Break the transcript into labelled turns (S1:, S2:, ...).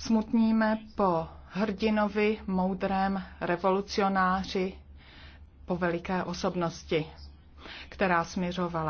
S1: Smutníme po hrdinovi, moudrém revolucionáři, po veliké osobnosti, která směřovala